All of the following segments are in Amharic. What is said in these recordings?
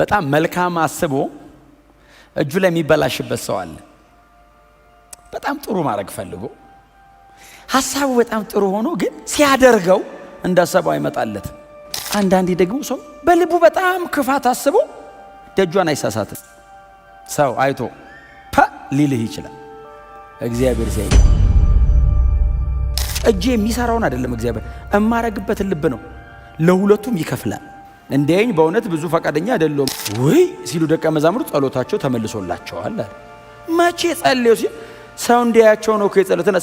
በጣም መልካም አስቦ እጁ ላይ የሚበላሽበት ሰው አለ። በጣም ጥሩ ማድረግ ፈልጎ ሀሳቡ በጣም ጥሩ ሆኖ ግን ሲያደርገው እንዳሰበው አይመጣለት። አንዳንዴ ደግሞ ሰው በልቡ በጣም ክፋት አስቦ ደጇን አይሳሳትም። ሰው አይቶ ፐ ሊልህ ይችላል። እግዚአብሔር ሲያይ እጄ የሚሰራውን አይደለም፣ እግዚአብሔር እማረግበትን ልብ ነው። ለሁለቱም ይከፍላል። እንዲያኝ በእውነት ብዙ ፈቃደኛ አይደለም ወይ ሲሉ ደቀ መዛሙርት ጸሎታቸው ተመልሶላቸዋል። መቼ ጸልዩ ሲል ሰው እንዲያያቸው ነው እኮ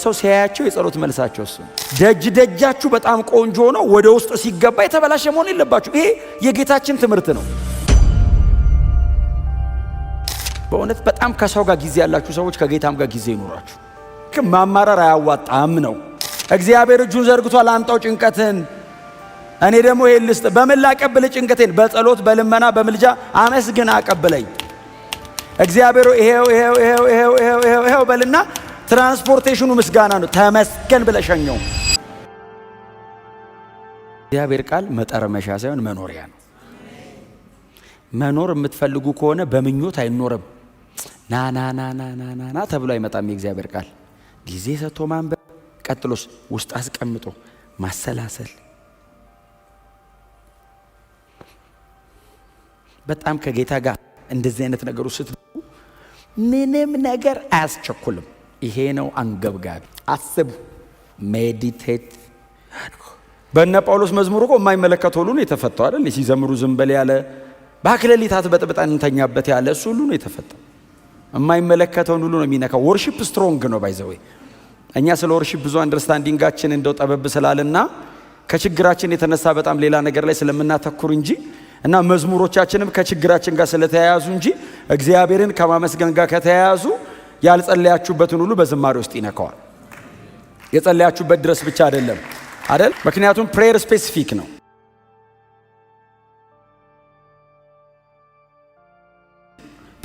ሰው ሲያያቸው የጸሎት መልሳቸው እሱ ደጅ ደጃችሁ በጣም ቆንጆ ነው፣ ወደ ውስጥ ሲገባ የተበላሸ መሆን የለባችሁ። ይሄ የጌታችን ትምህርት ነው። በእውነት በጣም ከሰው ጋር ጊዜ ያላችሁ ሰዎች ከጌታም ጋር ጊዜ ይኖራችሁ። ማማረር አያዋጣም ነው። እግዚአብሔር እጁን ዘርግቷል፣ አንጣው ጭንቀትን እኔ ደግሞ ይሄን ልስጥ። በምን ላቀብል ጭንቀቴን? በጸሎት በልመና በምልጃ አመስግን አቀብለኝ እግዚአብሔር። ይሄው ይሄው ይሄው ይሄው ይሄው ይሄው በልና ትራንስፖርቴሽኑ ምስጋና ነው። ተመስገን ሸኘው እግዚአብሔር ቃል መጠረመሻ ሳይሆን መኖሪያ ነው። መኖር የምትፈልጉ ከሆነ በምኞት አይኖርም። ና ና ና ና ና ና ና ተብሎ አይመጣም። የእግዚአብሔር ቃል ጊዜ ሰጥቶ ማንበብ፣ ቀጥሎስ ውስጥ አስቀምጦ ማሰላሰል በጣም ከጌታ ጋር እንደዚህ አይነት ነገሩ ስትሉ ምንም ነገር አያስቸኩልም። ይሄ ነው አንገብጋቢ። አስቡ፣ ሜዲቴት በእነ ጳውሎስ መዝሙር እኮ የማይመለከት ሁሉ ነው የተፈታው አይደል? ሲዘምሩ ዝም በል ያለ በአክለሊት አትበጥብጠን እንተኛበት ያለ እሱ ሁሉ ነው የተፈታው። የማይመለከተውን ሁሉ ነው የሚነካው። ወርሺፕ ስትሮንግ ነው ባይዘወይ እኛ ስለ ወርሺፕ ብዙ አንደርስታንዲንጋችን እንደው ጠበብ ስላልና ከችግራችን የተነሳ በጣም ሌላ ነገር ላይ ስለምናተኩር እንጂ እና መዝሙሮቻችንም ከችግራችን ጋር ስለተያያዙ እንጂ እግዚአብሔርን ከማመስገን ጋር ከተያያዙ ያልጸለያችሁበትን ሁሉ በዝማሬ ውስጥ ይነካዋል። የጸለያችሁበት ድረስ ብቻ አይደለም አይደል? ምክንያቱም ፕሬየር ስፔሲፊክ ነው።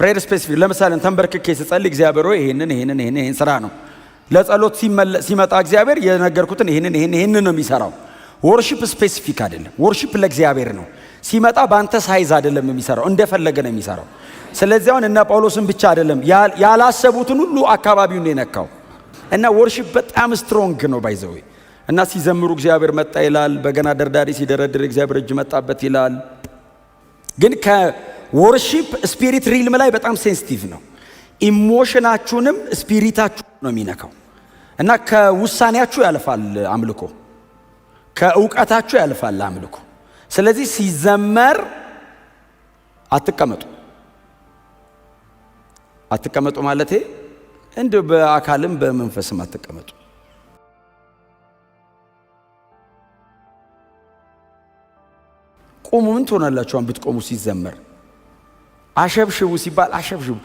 ፕሬየር ስፔሲፊክ ለምሳሌ ተንበርክኬ ስጸልይ እግዚአብሔር ሆይ ይህንን ይህንን ይህን ስራ ነው። ለጸሎት ሲመጣ እግዚአብሔር የነገርኩትን ይህንን ይህን ይህንን ነው የሚሰራው። ወርሺፕ ስፔሲፊክ አይደለም። ወርሺፕ ለእግዚአብሔር ነው። ሲመጣ በአንተ ሳይዝ አይደለም የሚሰራው፣ እንደፈለገ ነው የሚሰራው። ስለዚህ አሁን እነ ጳውሎስን ብቻ አይደለም ያላሰቡትን ሁሉ አካባቢውን የነካው እና ወርሺፕ በጣም ስትሮንግ ነው ባይዘዌ እና ሲዘምሩ እግዚአብሔር መጣ ይላል። በገና ደርዳሪ ሲደረድር እግዚአብሔር እጅ መጣበት ይላል። ግን ከወርሺፕ ስፒሪት ሪልም ላይ በጣም ሴንሲቲቭ ነው። ኢሞሽናችሁንም ስፒሪታችሁ ነው የሚነካው እና ከውሳኔያችሁ ያልፋል አምልኮ፣ ከእውቀታችሁ ያልፋል አምልኮ ስለዚህ ሲዘመር አትቀመጡ አትቀመጡ ማለቴ እንዲሁ በአካልም በመንፈስም አትቀመጡ። ቁሙ። ምን ትሆናላችሁ ብትቆሙ? ሲዘመር አሸብሽቡ ሲባል አሸብሽቡ፣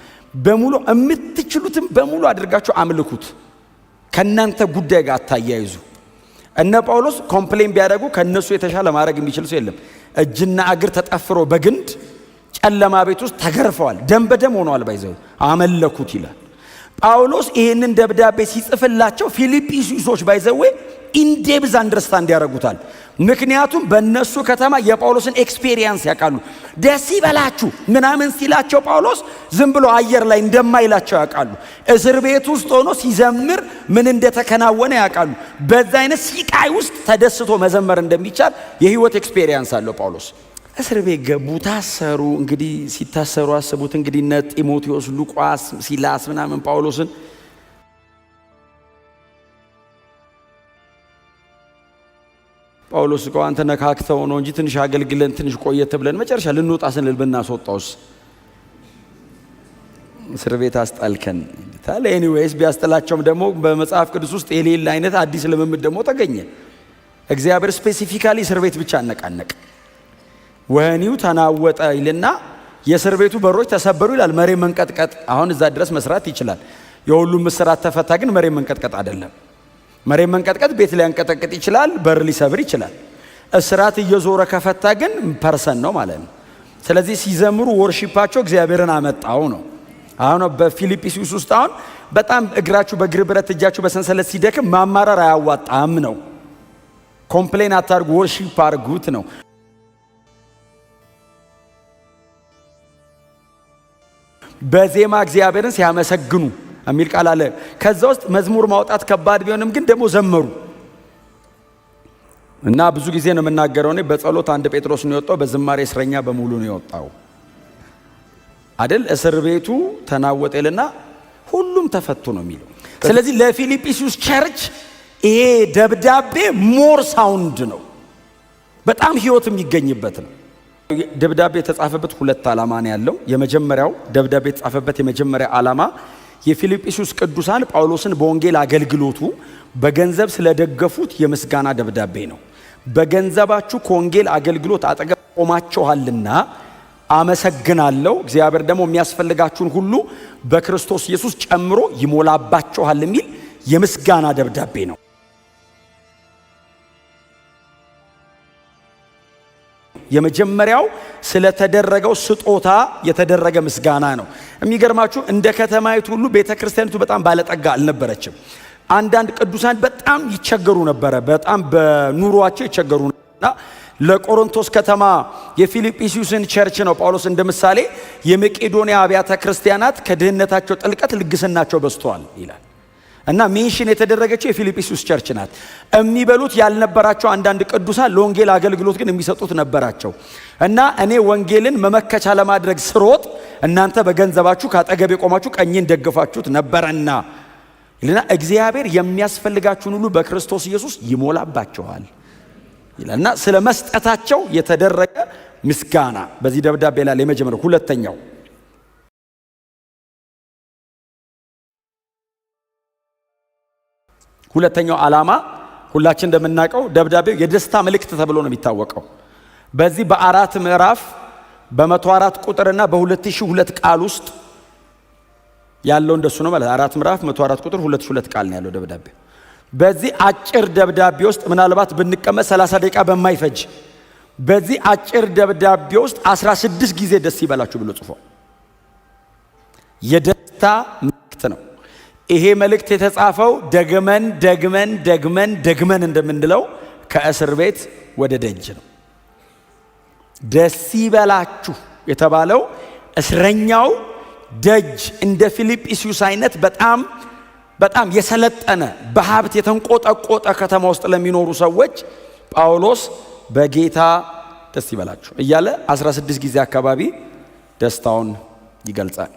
በሙሉ የምትችሉትን በሙሉ አድርጋችሁ አምልኩት። ከእናንተ ጉዳይ ጋር አታያይዙ። እነ ጳውሎስ ኮምፕሌን ቢያደርጉ ከእነሱ የተሻለ ማድረግ የሚችል ሰው የለም። እጅና እግር ተጠፍሮ በግንድ ጨለማ ቤት ውስጥ ተገርፈዋል። ደም በደም ሆነዋል። ባይዘው አመለኩት ይላል ጳውሎስ። ይህንን ደብዳቤ ሲጽፍላቸው ፊልጵስዩሶች ባይዘዌ ኢንዴብዝ አንደርስታንድ ያደርጉታል። ምክንያቱም በእነሱ ከተማ የጳውሎስን ኤክስፔሪየንስ ያውቃሉ። ደስ ይበላችሁ ምናምን ሲላቸው ጳውሎስ ዝም ብሎ አየር ላይ እንደማይላቸው ያውቃሉ። እስር ቤት ውስጥ ሆኖ ሲዘምር ምን እንደተከናወነ ያውቃሉ። በዛ አይነት ሲቃይ ውስጥ ተደስቶ መዘመር እንደሚቻል የህይወት ኤክስፔሪየንስ አለው ጳውሎስ። እስር ቤት ገቡ፣ ታሰሩ። እንግዲህ ሲታሰሩ አስቡት እንግዲህ እነ ጢሞቴዎስ፣ ሉቋስ፣ ሲላስ ምናምን ጳውሎስን ጳውሎስ አንተ ነካክተው ነው እንጂ ትንሽ አገልግለን ትንሽ ቆየት ብለን መጨረሻ ልንወጣ ስንል ብናስወጣውስ እስር ቤት አስጣልከን ታለ። ኤኒዌይስ ቢያስጠላቸውም ደግሞ በመጽሐፍ ቅዱስ ውስጥ የሌለ አይነት አዲስ ልምምድ ደግሞ ተገኘ። እግዚአብሔር ስፔሲፊካሊ እስር ቤት ብቻ አነቃነቅ። ወህኒው ተናወጠ ይልና የእስር ቤቱ በሮች ተሰበሩ ይላል። መሬ መንቀጥቀጥ አሁን እዛ ድረስ መስራት ይችላል። የሁሉም እስራት ተፈታ፣ ግን መሬ መንቀጥቀጥ አይደለም። መሬት መንቀጥቀጥ ቤት ሊያንቀጠቅጥ ይችላል፣ በር ሊሰብር ይችላል። እስራት እየዞረ ከፈታ ግን ፐርሰን ነው ማለት ነው። ስለዚህ ሲዘምሩ ወርሺፓቸው እግዚአብሔርን አመጣው ነው። አሁን በፊልጵስዩስ ውስጥ አሁን በጣም እግራችሁ በግር ብረት እጃችሁ በሰንሰለት ሲደክም ማማረር አያዋጣም ነው። ኮምፕሌን አታርጉ፣ ወርሺፕ አርጉት ነው። በዜማ እግዚአብሔርን ሲያመሰግኑ የሚል ቃል አለ። ከዛ ውስጥ መዝሙር ማውጣት ከባድ ቢሆንም ግን ደግሞ ዘመሩ እና ብዙ ጊዜ ነው የምናገረው እኔ በጸሎት አንድ ጴጥሮስ ነው የወጣው፣ በዝማሬ እስረኛ በሙሉ ነው የወጣው አደል። እስር ቤቱ ተናወጠልና ሁሉም ተፈቱ ነው የሚለው። ስለዚህ ለፊልጵስዩስ ቸርች ይሄ ደብዳቤ ሞር ሳውንድ ነው፣ በጣም ህይወት የሚገኝበት ነው። ደብዳቤ የተጻፈበት ሁለት ዓላማ ነው ያለው። የመጀመሪያው ደብዳቤ የተጻፈበት የመጀመሪያ ዓላማ የፊልጵስዩስ ቅዱሳን ጳውሎስን በወንጌል አገልግሎቱ በገንዘብ ስለደገፉት የምስጋና ደብዳቤ ነው። በገንዘባችሁ ከወንጌል አገልግሎት አጠገብ ቆማችኋልና አመሰግናለሁ። እግዚአብሔር ደግሞ የሚያስፈልጋችሁን ሁሉ በክርስቶስ ኢየሱስ ጨምሮ ይሞላባችኋል የሚል የምስጋና ደብዳቤ ነው። የመጀመሪያው ስለተደረገው ስጦታ የተደረገ ምስጋና ነው። የሚገርማችሁ እንደ ከተማይቱ ሁሉ ቤተ ክርስቲያኒቱ በጣም ባለጠጋ አልነበረችም። አንዳንድ ቅዱሳን በጣም ይቸገሩ ነበረ፣ በጣም በኑሯቸው ይቸገሩ ነበርና ለቆሮንቶስ ከተማ የፊልጵስዩስን ቸርች ነው ጳውሎስ እንደ ምሳሌ የመቄዶንያ አብያተ ክርስቲያናት ከድህነታቸው ጥልቀት ልግስናቸው በዝተዋል ይላል። እና ሜንሽን የተደረገችው የፊልጵስዩስ ቸርች ናት። የሚበሉት ያልነበራቸው አንዳንድ ቅዱሳን ለወንጌል አገልግሎት ግን የሚሰጡት ነበራቸው። እና እኔ ወንጌልን መመከቻ ለማድረግ ስሮጥ እናንተ በገንዘባችሁ ከአጠገብ የቆማችሁ ቀኝን ደግፋችሁት ነበረና ይልና እግዚአብሔር የሚያስፈልጋችሁን ሁሉ በክርስቶስ ኢየሱስ ይሞላባቸዋል ይላልና ስለ መስጠታቸው የተደረገ ምስጋና በዚህ ደብዳቤ ላይ የመጀመሪያው ሁለተኛው ሁለተኛው ዓላማ ሁላችን እንደምናውቀው ደብዳቤው የደስታ መልእክት ተብሎ ነው የሚታወቀው። በዚህ በአራት ምዕራፍ በመቶ አራት ቁጥርና በሁለት ሺህ ሁለት ቃል ውስጥ ያለው እንደሱ ነው ማለት አራት ምዕራፍ መቶ አራት ቁጥር ሁለት ሺህ ሁለት ቃል ነው ያለው ደብዳቤው። በዚህ አጭር ደብዳቤ ውስጥ ምናልባት ብንቀመጥ 30 ደቂቃ በማይፈጅ በዚህ አጭር ደብዳቤ ውስጥ 16 ጊዜ ደስ ይበላችሁ ብሎ ጽፏል። የደስታ ይሄ መልእክት የተጻፈው ደግመን ደግመን ደግመን ደግመን እንደምንለው ከእስር ቤት ወደ ደጅ ነው። ደስ ይበላችሁ የተባለው እስረኛው ደጅ እንደ ፊልጵስዩስ አይነት በጣም በጣም የሰለጠነ በሀብት የተንቆጠቆጠ ከተማ ውስጥ ለሚኖሩ ሰዎች ጳውሎስ በጌታ ደስ ይበላችሁ እያለ 16 ጊዜ አካባቢ ደስታውን ይገልጻል።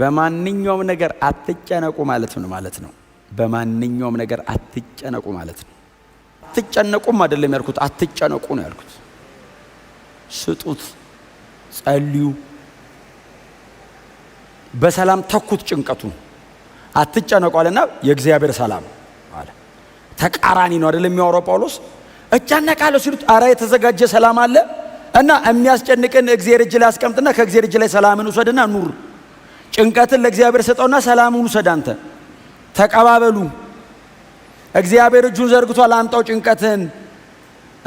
በማንኛውም ነገር አትጨነቁ ማለት ነው ማለት ነው? በማንኛውም ነገር አትጨነቁ ማለት ነው። አትጨነቁም አይደለም ያልኩት፣ አትጨነቁ ነው ያልኩት። ስጡት፣ ጸልዩ፣ በሰላም ተኩት ጭንቀቱን። አትጨነቁ አለና የእግዚአብሔር ሰላም አለ። ተቃራኒ ነው አይደለም የሚያወራው ጳውሎስ። እጨነቃለሁ ሲሉት አረ የተዘጋጀ ሰላም አለ እና የሚያስጨንቅን እግዚአብሔር እጅ ላይ አስቀምጥና ከእግዚአብሔር እጅ ላይ ሰላምን ውሰድና ኑር ጭንቀትን ለእግዚአብሔር ሰጠውና ሰላሙን ውሰድ አንተ ተቀባበሉ። እግዚአብሔር እጁን ዘርግቷል፣ አምጣው ጭንቀትን።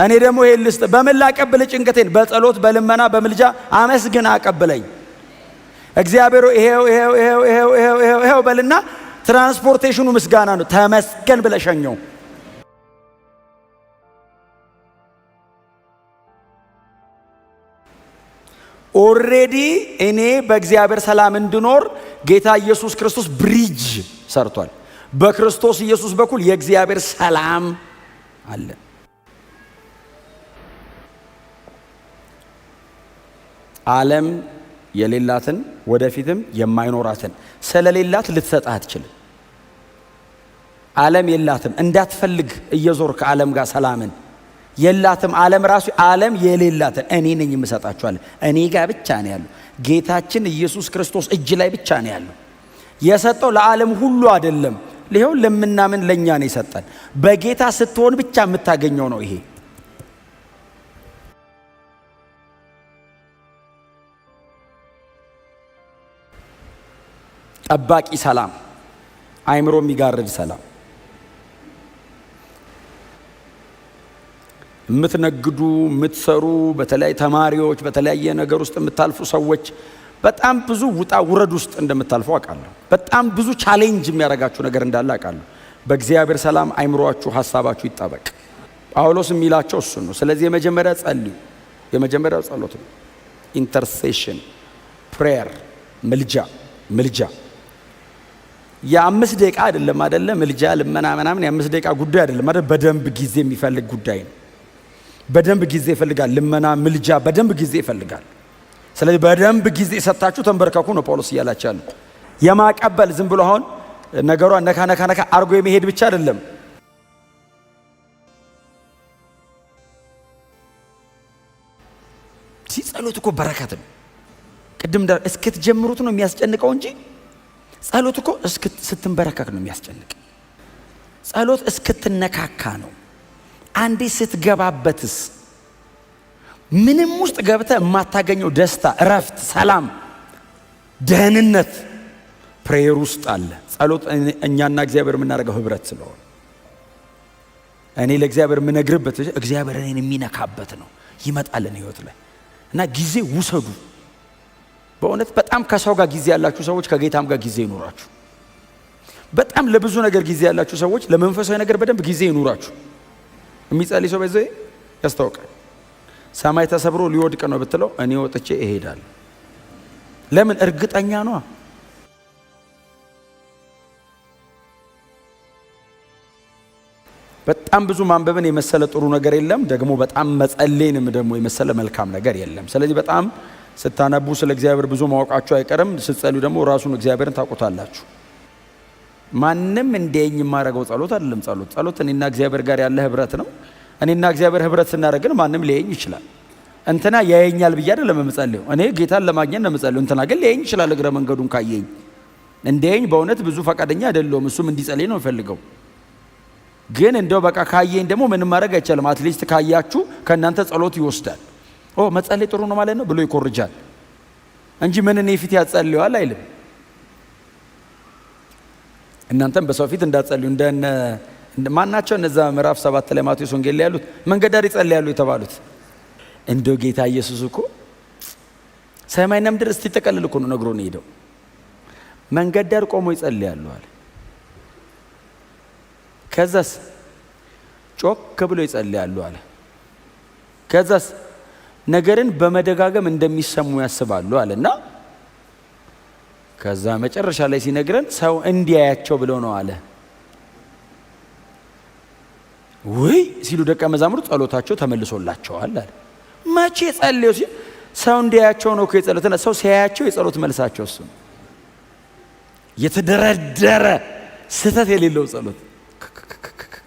እኔ ደግሞ ይሄን ልስጥ። በምን ላቀብል ጭንቀቴን? በጸሎት በልመና በምልጃ አመስግን አቀብለኝ። እግዚአብሔር ይሄው ይሄው ይሄው ይሄው ይሄው በልና ትራንስፖርቴሽኑ ምስጋና ነው። ተመስገን ብለሸኘው። ኦሬዲ እኔ በእግዚአብሔር ሰላም እንድኖር ጌታ ኢየሱስ ክርስቶስ ብሪጅ ሰርቷል። በክርስቶስ ኢየሱስ በኩል የእግዚአብሔር ሰላም አለ። ዓለም የሌላትን ወደፊትም የማይኖራትን ስለሌላት ልትሰጥ አትችልም። ዓለም የላትም። እንዳትፈልግ እየዞር ከዓለም ጋር ሰላምን የላትም ዓለም ራሱ ዓለም የሌላትን እኔ ነኝ የምሰጣችኋለሁ። እኔ ጋር ብቻ ነው ያለው። ጌታችን ኢየሱስ ክርስቶስ እጅ ላይ ብቻ ነው ያለው። የሰጠው ለዓለም ሁሉ አይደለም። ይኸው ለምናምን ለእኛ ነው የሰጠን። በጌታ ስትሆን ብቻ የምታገኘው ነው ይሄ። ጠባቂ ሰላም፣ አይምሮ የሚጋርድ ሰላም የምትነግዱ የምትሰሩ፣ በተለያዩ ተማሪዎች፣ በተለያየ ነገር ውስጥ የምታልፉ ሰዎች በጣም ብዙ ውጣ ውረድ ውስጥ እንደምታልፈው አውቃለሁ። በጣም ብዙ ቻሌንጅ የሚያደርጋችሁ ነገር እንዳለ አውቃለሁ። በእግዚአብሔር ሰላም አይምሯችሁ፣ ሀሳባችሁ ይጠበቅ። ጳውሎስ የሚላቸው እሱ ነው። ስለዚህ የመጀመሪያ ጸልዩ፣ የመጀመሪያው ጸሎት ነው። ኢንተርሴሽን ፕሬየር፣ ምልጃ ምልጃ የአምስት ደቂቃ አይደለም፣ አይደለም። ምልጃ ልመና ምናምን የአምስት ደቂቃ ጉዳይ አይደለም፣ አይደለም። በደንብ ጊዜ የሚፈልግ ጉዳይ ነው። በደንብ ጊዜ ይፈልጋል። ልመና፣ ምልጃ በደንብ ጊዜ ይፈልጋል። ስለዚህ በደንብ ጊዜ ሰጥታችሁ ተንበርከኩ ነው ጳውሎስ እያላቸው ያለው። የማቀበል ዝም ብሎ አሁን ነገሯ ነካ ነካ ነካ አርጎ የመሄድ ብቻ አይደለም። ጸሎት እኮ በረከት ነው። ቅድም እስክትጀምሩት ነው የሚያስጨንቀው እንጂ ጸሎት እኮ ስትንበረከክ ነው የሚያስጨንቅ። ጸሎት እስክትነካካ ነው አንዴ ስትገባበትስ ምንም ውስጥ ገብተ የማታገኘው ደስታ፣ እረፍት፣ ሰላም፣ ደህንነት ፕሬየር ውስጥ አለ። ጸሎት እኛና እግዚአብሔር የምናደርገው ህብረት ስለሆነ እኔ ለእግዚአብሔር የምነግርበት እግዚአብሔር እኔን የሚነካበት ነው። ይመጣልን ህይወት ላይ እና ጊዜ ውሰዱ። በእውነት በጣም ከሰው ጋር ጊዜ ያላችሁ ሰዎች ከጌታም ጋር ጊዜ ይኑራችሁ። በጣም ለብዙ ነገር ጊዜ ያላችሁ ሰዎች ለመንፈሳዊ ነገር በደንብ ጊዜ ይኑራችሁ። የሚጸልይ ሰው በዚህ ያስታውቃል። ሰማይ ተሰብሮ ሊወድቅ ነው ብትለው እኔ ወጥቼ እሄዳለሁ። ለምን እርግጠኛ ነው። በጣም ብዙ ማንበብን የመሰለ ጥሩ ነገር የለም። ደግሞ በጣም መጸሌንም ደግሞ የመሰለ መልካም ነገር የለም። ስለዚህ በጣም ስታነቡ ስለ እግዚአብሔር ብዙ ማወቃችሁ አይቀርም። ስትጸልዩ ደግሞ ራሱን እግዚአብሔርን ታውቁታላችሁ። ማንም እንደኝ የማደርገው ጸሎት አይደለም። ጸሎት ጸሎት እኔና እግዚአብሔር ጋር ያለ ህብረት ነው። እኔና እግዚአብሔር ህብረት ስናደርግ ማንም ሊያየኝ ይችላል። እንትና ያየኛል ብዬ አይደለም የምጸልየው። እኔ ጌታን ለማግኘት ነው የምጸልየው። እንትና ግን ሊያየኝ ይችላል። እግረ መንገዱን ካየኝ እንዲያየኝ በእውነት ብዙ ፈቃደኛ አይደለውም እሱም እንዲጸልይ ነው የምፈልገው። ግን እንደው በቃ ካየኝ ደግሞ ምንም ማድረግ አይቻልም። አትሊስት ካያችሁ ከእናንተ ጸሎት ይወስዳል። ኦ መጸለይ ጥሩ ነው ማለት ነው ብሎ ይኮርጃል እንጂ ምን እኔ ፊት ያጸልየዋል አይልም። እናንተም በሰው ፊት እንዳትጸልዩ እንደነ ማናቸው እነዛ ምዕራፍ ሰባት ላይ ማቴዎስ ወንጌል ላይ ያሉት መንገድ ዳር ይጸልያሉ የተባሉት እንደው ጌታ ኢየሱስ እኮ ሰማይና ምድር ተቀልል እኮ ነው ነው ሄደው መንገድ ዳር ቆሞ ይጸልያሉ አለ። ከዛስ ጮክ ብሎ ይጸልያሉ አለ። ከዛስ ነገርን በመደጋገም እንደሚሰሙ ያስባሉ አለ እና ከዛ መጨረሻ ላይ ሲነግረን ሰው እንዲያያቸው ብሎ ነው አለ። ውይ ሲሉ ደቀ መዛሙርት ጸሎታቸው ተመልሶላቸዋል አለ። መቼ ጸልዩ ሲል ሰው እንዲያያቸው ነው የጸሎት ሰው ሲያያቸው የጸሎት መልሳቸው እሱ የተደረደረ ስህተት የሌለው ጸሎት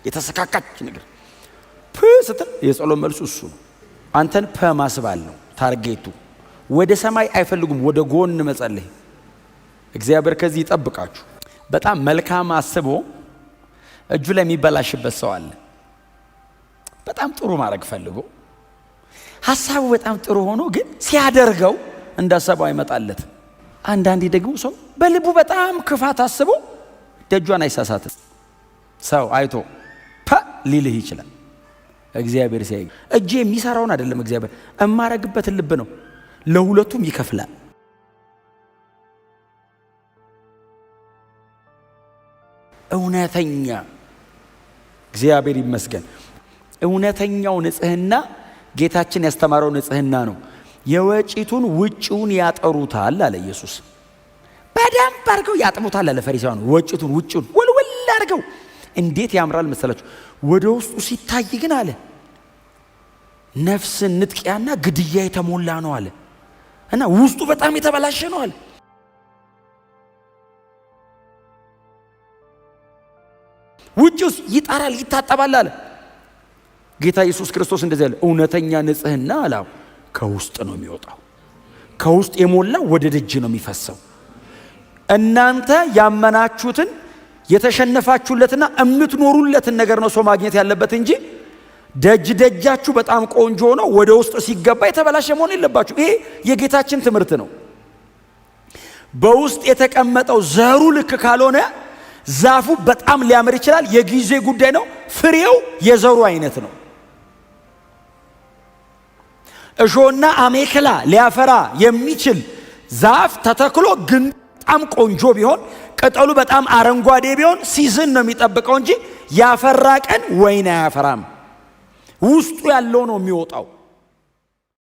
የተሰካካች ነገር ፕ ስትል የጸሎት መልሱ እሱ ነው። አንተን ፐማስባል ነው ታርጌቱ። ወደ ሰማይ አይፈልጉም፣ ወደ ጎን መጸለይ እግዚአብሔር ከዚህ ይጠብቃችሁ። በጣም መልካም አስቦ እጁ ላይ የሚበላሽበት ሰው አለ። በጣም ጥሩ ማድረግ ፈልጎ ሀሳቡ በጣም ጥሩ ሆኖ ግን ሲያደርገው እንደ አይመጣለት አንዳንዴ ደግሞ ሰው በልቡ በጣም ክፋት አስቦ ደጇን አይሳሳትም። ሰው አይቶ ፐ ሊልህ ይችላል። እግዚአብሔር ሲያይ እጅ የሚሰራውን አይደለም፣ እግዚአብሔር እማረግበትን ልብ ነው። ለሁለቱም ይከፍላል። እውነተኛ እግዚአብሔር ይመስገን። እውነተኛው ንጽህና ጌታችን ያስተማረው ንጽህና ነው። የወጪቱን ውጭውን ያጠሩታል አለ ኢየሱስ። በደንብ አድርገው ያጥሙታል አለ ፈሪሳውያን። ወጪቱን ውጭውን ውልውል አድርገው እንዴት ያምራል መሰላችሁ! ወደ ውስጡ ሲታይ ግን አለ ነፍስን ንጥቂያና ግድያ የተሞላ ነው አለ እና ውስጡ በጣም የተበላሸ ነው አለ ውጭውስ ይጠራል፣ ይታጠባል አለ ጌታ ኢየሱስ ክርስቶስ። እንደዚህ አለ እውነተኛ ንጽህና አላው ከውስጥ ነው የሚወጣው። ከውስጥ የሞላው ወደ ደጅ ነው የሚፈሰው። እናንተ ያመናችሁትን የተሸነፋችሁለትና የምትኖሩለትን ነገር ነው ሰው ማግኘት ያለበት እንጂ ደጅ ደጃችሁ በጣም ቆንጆ ሆኖ ወደ ውስጥ ሲገባ የተበላሸ መሆን የለባችሁ። ይሄ የጌታችን ትምህርት ነው። በውስጥ የተቀመጠው ዘሩ ልክ ካልሆነ ዛፉ በጣም ሊያምር ይችላል። የጊዜ ጉዳይ ነው። ፍሬው የዘሩ አይነት ነው። እሾና አሜከላ ሊያፈራ የሚችል ዛፍ ተተክሎ ግን በጣም ቆንጆ ቢሆን፣ ቅጠሉ በጣም አረንጓዴ ቢሆን ሲዝን ነው የሚጠብቀው እንጂ ያፈራ ቀን ወይን አያፈራም። ውስጡ ያለው ነው የሚወጣው።